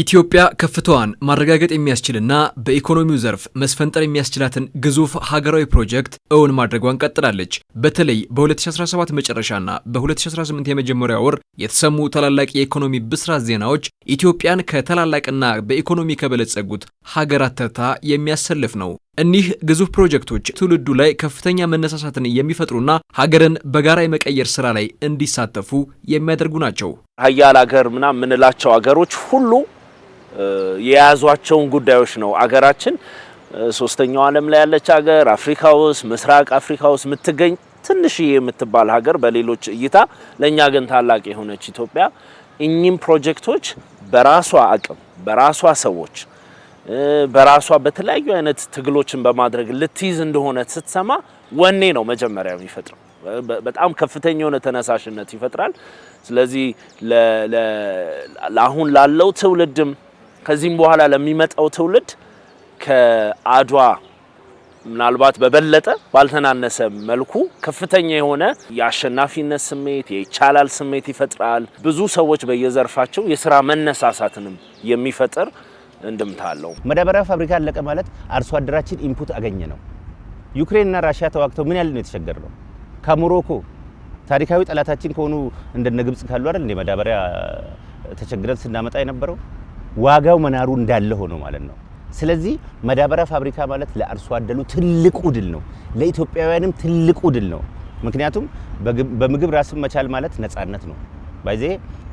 ኢትዮጵያ ከፍታዋን ማረጋገጥ የሚያስችልና በኢኮኖሚው ዘርፍ መስፈንጠር የሚያስችላትን ግዙፍ ሀገራዊ ፕሮጀክት እውን ማድረጓን ቀጥላለች። በተለይ በ2017 መጨረሻና በ2018 የመጀመሪያ ወር የተሰሙ ታላላቅ የኢኮኖሚ ብስራት ዜናዎች ኢትዮጵያን ከታላላቅና በኢኮኖሚ ከበለጸጉት ሀገራት ተርታ የሚያሰልፍ ነው። እኒህ ግዙፍ ፕሮጀክቶች ትውልዱ ላይ ከፍተኛ መነሳሳትን የሚፈጥሩና ሀገርን በጋራ የመቀየር ስራ ላይ እንዲሳተፉ የሚያደርጉ ናቸው። ሀያል ሀገር ምናምን የምንላቸው ሀገሮች ሁሉ የያዟቸውን ጉዳዮች ነው አገራችን ሶስተኛው ዓለም ላይ ያለች ሀገር አፍሪካ ውስጥ ምስራቅ አፍሪካ ውስጥ የምትገኝ ትንሽዬ የምትባል ሀገር በሌሎች እይታ ለእኛ ግን ታላቅ የሆነች ኢትዮጵያ እኚህም ፕሮጀክቶች በራሷ አቅም በራሷ ሰዎች በራሷ በተለያዩ አይነት ትግሎችን በማድረግ ልትይዝ እንደሆነ ስትሰማ ወኔ ነው መጀመሪያ የሚፈጥረው። በጣም ከፍተኛ የሆነ ተነሳሽነት ይፈጥራል። ስለዚህ አሁን ላለው ትውልድም ከዚህም በኋላ ለሚመጣው ትውልድ ከአድዋ ምናልባት በበለጠ ባልተናነሰ መልኩ ከፍተኛ የሆነ የአሸናፊነት ስሜት የይቻላል ስሜት ይፈጥራል። ብዙ ሰዎች በየዘርፋቸው የስራ መነሳሳትንም የሚፈጥር እንድምታ አለው። መዳበሪያ ፋብሪካ አለቀ ማለት አርሶ አደራችን ኢንፑት አገኘ ነው። ዩክሬንና ራሽያ ተዋግተው ምን ያህል ነው የተቸገር ነው። ከሞሮኮ ታሪካዊ ጠላታችን ከሆኑ እንደነ ግብጽ ካሉ አይደል መዳበሪያ ተቸግረን ስናመጣ የነበረው ዋጋው መናሩ እንዳለ ሆኖ ማለት ነው። ስለዚህ መዳበራ ፋብሪካ ማለት ለአርሶ አደሉ ትልቁ ድል ነው፣ ለኢትዮጵያውያንም ትልቁ ድል ነው። ምክንያቱም በምግብ ራስን መቻል ማለት ነጻነት ነው። ባይዜ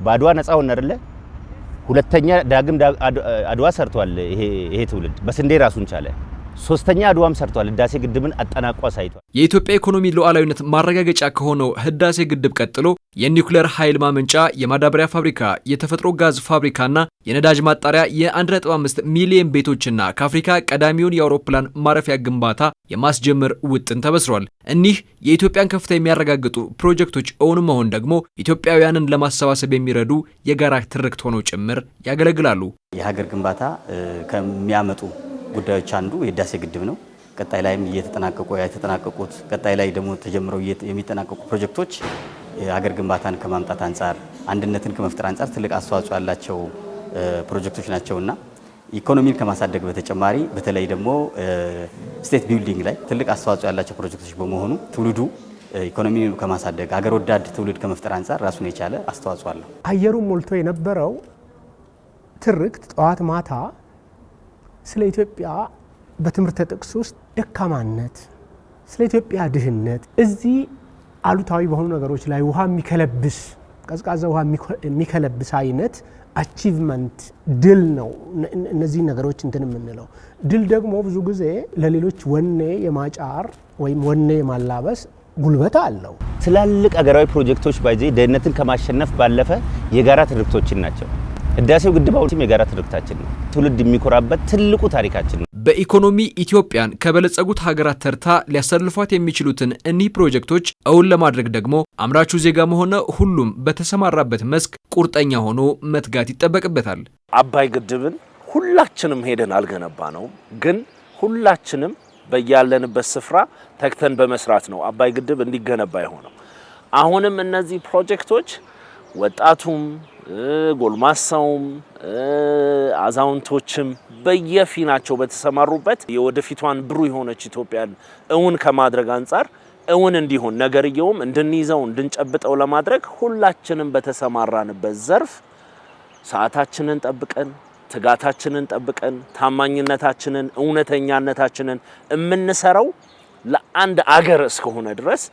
በአድዋ ነጻ ሆነ አይደለ? ሁለተኛ ዳግም አድዋ ሰርቷል። ይሄ ትውልድ በስንዴ ራሱን ቻለ። ሶስተኛ አድዋም ሰርቷል። ህዳሴ ግድብን አጠናቆ አሳይቷል። የኢትዮጵያ ኢኮኖሚ ሉዓላዊነት ማረጋገጫ ከሆነው ህዳሴ ግድብ ቀጥሎ የኒውክሌር ኃይል ማመንጫ፣ የማዳበሪያ ፋብሪካ፣ የተፈጥሮ ጋዝ ፋብሪካና የነዳጅ ማጣሪያ፣ የ1.5 ሚሊዮን ቤቶችና ከአፍሪካ ቀዳሚውን የአውሮፕላን ማረፊያ ግንባታ የማስጀመር ውጥን ተበስሯል። እኒህ የኢትዮጵያን ከፍታ የሚያረጋግጡ ፕሮጀክቶች እውን መሆን ደግሞ ኢትዮጵያውያንን ለማሰባሰብ የሚረዱ የጋራ ትርክት ሆነው ጭምር ያገለግላሉ። የሀገር ግንባታ ከሚያመጡ ጉዳዮች አንዱ የህዳሴ ግድብ ነው። ቀጣይ ላይም እየተጠናቀቁ የተጠናቀቁት ቀጣይ ላይ ደግሞ ተጀምረው የሚጠናቀቁ ፕሮጀክቶች የሀገር ግንባታን ከማምጣት አንጻር አንድነትን ከመፍጠር አንጻር ትልቅ አስተዋጽኦ ያላቸው ፕሮጀክቶች ናቸውና ኢኮኖሚን ከማሳደግ በተጨማሪ በተለይ ደግሞ ስቴት ቢልዲንግ ላይ ትልቅ አስተዋጽኦ ያላቸው ፕሮጀክቶች በመሆኑ ትውልዱ ኢኮኖሚን ከማሳደግ አገር ወዳድ ትውልድ ከመፍጠር አንጻር ራሱን የቻለ አስተዋጽኦ አለው። አየሩን ሞልቶ የነበረው ትርክት ጠዋት ማታ ስለ ኢትዮጵያ በትምህርተ ጥቅስ ውስጥ ደካማነት፣ ስለ ኢትዮጵያ ድህነት እዚህ አሉታዊ በሆኑ ነገሮች ላይ ውሃ የሚከለብስ ቀዝቃዛ ውሃ የሚከለብስ አይነት አቺቭመንት ድል ነው። እነዚህ ነገሮች እንትን የምንለው ድል ደግሞ ብዙ ጊዜ ለሌሎች ወኔ የማጫር ወይም ወኔ የማላበስ ጉልበት አለው። ትላልቅ አገራዊ ፕሮጀክቶች ባይዜ ደህንነትን ከማሸነፍ ባለፈ የጋራ ትርክቶችን ናቸው። ህዳሴው ግድብ የጋራ ትርክታችን ነው። ትውልድ የሚኮራበት ትልቁ ታሪካችን ነው። በኢኮኖሚ ኢትዮጵያን ከበለጸጉት ሀገራት ተርታ ሊያሰልፏት የሚችሉትን እኒህ ፕሮጀክቶች እውን ለማድረግ ደግሞ አምራቹ ዜጋም ሆነ ሁሉም በተሰማራበት መስክ ቁርጠኛ ሆኖ መትጋት ይጠበቅበታል። አባይ ግድብን ሁላችንም ሄደን አልገነባ ነው፣ ግን ሁላችንም በያለንበት ስፍራ ተግተን በመስራት ነው አባይ ግድብ እንዲገነባ የሆነው። አሁንም እነዚህ ፕሮጀክቶች ወጣቱም ጎልማሳውም አዛውንቶችም በየፊናቸው በተሰማሩበት የወደፊቷን ብሩህ የሆነች ኢትዮጵያን እውን ከማድረግ አንጻር እውን እንዲሆን ነገርየውም እንድንይዘው እንድንጨብጠው ለማድረግ ሁላችንም በተሰማራንበት ዘርፍ ሰዓታችንን ጠብቀን ትጋታችንን ጠብቀን ታማኝነታችንን እውነተኛነታችንን የምንሰራው ለአንድ አገር እስከሆነ ድረስ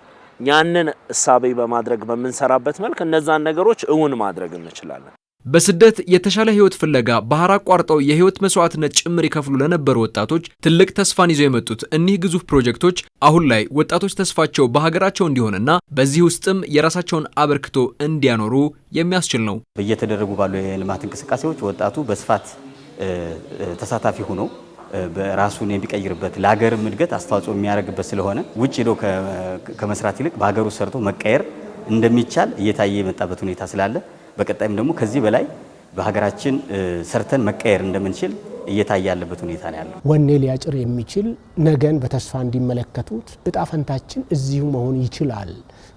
ያንን እሳቤ በማድረግ በምንሰራበት መልክ እነዛን ነገሮች እውን ማድረግ እንችላለን። በስደት የተሻለ ህይወት ፍለጋ ባህር አቋርጠው የህይወት መስዋዕትነት ጭምር ይከፍሉ ለነበሩ ወጣቶች ትልቅ ተስፋን ይዘው የመጡት እኒህ ግዙፍ ፕሮጀክቶች አሁን ላይ ወጣቶች ተስፋቸው በሀገራቸው እንዲሆንና በዚህ ውስጥም የራሳቸውን አበርክቶ እንዲያኖሩ የሚያስችል ነው። እየተደረጉ ባሉ የልማት እንቅስቃሴዎች ወጣቱ በስፋት ተሳታፊ ሆኖ ራሱን የሚቀይርበት ለሀገርም እድገት አስተዋጽኦ የሚያደርግበት ስለሆነ ውጭ ሄዶ ከመስራት ይልቅ በሀገር ውስጥ ሰርቶ መቀየር እንደሚቻል እየታየ የመጣበት ሁኔታ ስላለ በቀጣይም ደግሞ ከዚህ በላይ በሀገራችን ሰርተን መቀየር እንደምንችል እየታየ ያለበት ሁኔታ ነው ያለው። ወኔ ሊያጭር የሚችል ነገን በተስፋ እንዲመለከቱት እጣ ፈንታችን እዚሁ መሆን ይችላል።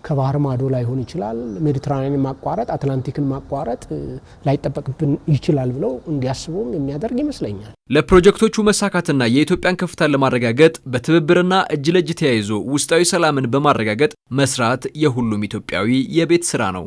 ከባህር ማዶ ላይሆን ይችላል። ሜዲትራኒያን ማቋረጥ፣ አትላንቲክን ማቋረጥ ላይጠበቅብን ይችላል ብለው እንዲያስቡም የሚያደርግ ይመስለኛል። ለፕሮጀክቶቹ መሳካትና የኢትዮጵያን ከፍታን ለማረጋገጥ በትብብርና እጅ ለእጅ ተያይዞ ውስጣዊ ሰላምን በማረጋገጥ መስራት የሁሉም ኢትዮጵያዊ የቤት ስራ ነው።